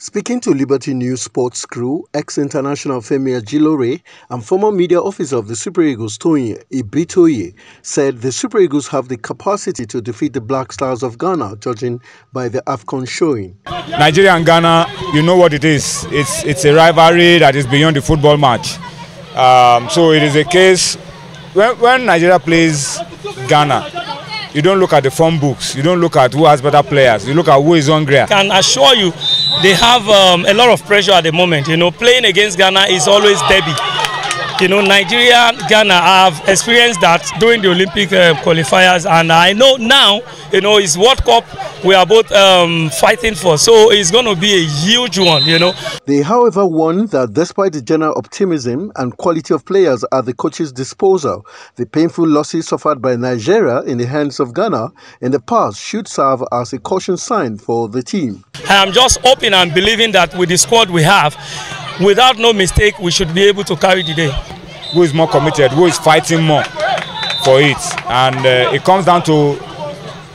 Speaking to Liberty News sports crew, ex-international Femi Ajilore and former media officer of the Super Eagles Tony Ibitoye said the Super Eagles have the capacity to defeat the Black Stars of Ghana, judging by the AFCON showing. Nigeria and Ghana, you know what it is. It's, it's a rivalry that is beyond the football match. Um, so it is a case, when, when Nigeria plays Ghana, you don't look at the form books. You don't look at who has better players. You look at who is hungrier. I can assure you they have um, a lot of pressure at the moment. You know, playing against Ghana is always derby. you know, Nigeria, Ghana, have experienced that during the Olympic uh, qualifiers, and I know now, you know, it's World Cup we are both um, fighting for. So it's going to be a huge one, you know. They, however, warned that despite the general optimism and quality of players at the coach's disposal, the painful losses suffered by Nigeria in the hands of Ghana in the past should serve as a caution sign for the team. I'm just hoping and believing that with the squad we have, without no mistake, we should be able to carry the day. Who is more committed? Who is fighting more for it? And uh, it comes down to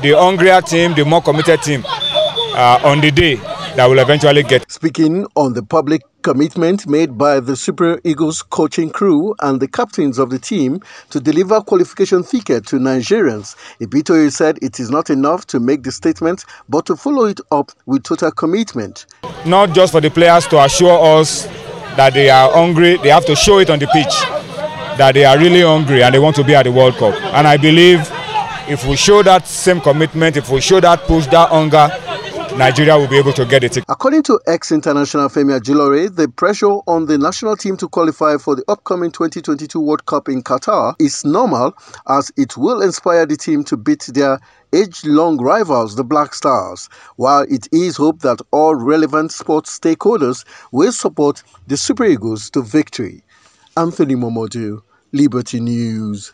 the hungrier team, the more committed team uh, on the day that will eventually get. Speaking on the public commitment made by the Super Eagles coaching crew and the captains of the team to deliver qualification ticket to Nigerians. Ibitoye said it is not enough to make the statement, but to follow it up with total commitment. not just for the players to assure us that they are hungry, they have to show it on the pitch that they are really hungry and they want to be at the World Cup. And I believe if we show that same commitment, if we show that push, that hunger, Nigeria will be able to get it. According to ex-international Femia Ajilore, the pressure on the national team to qualify for the upcoming 2022 World Cup in Qatar is normal as it will inspire the team to beat their age-long rivals, the Black Stars, while it is hoped that all relevant sports stakeholders will support the Super Eagles to victory. Anthony Momodu, Liberty News.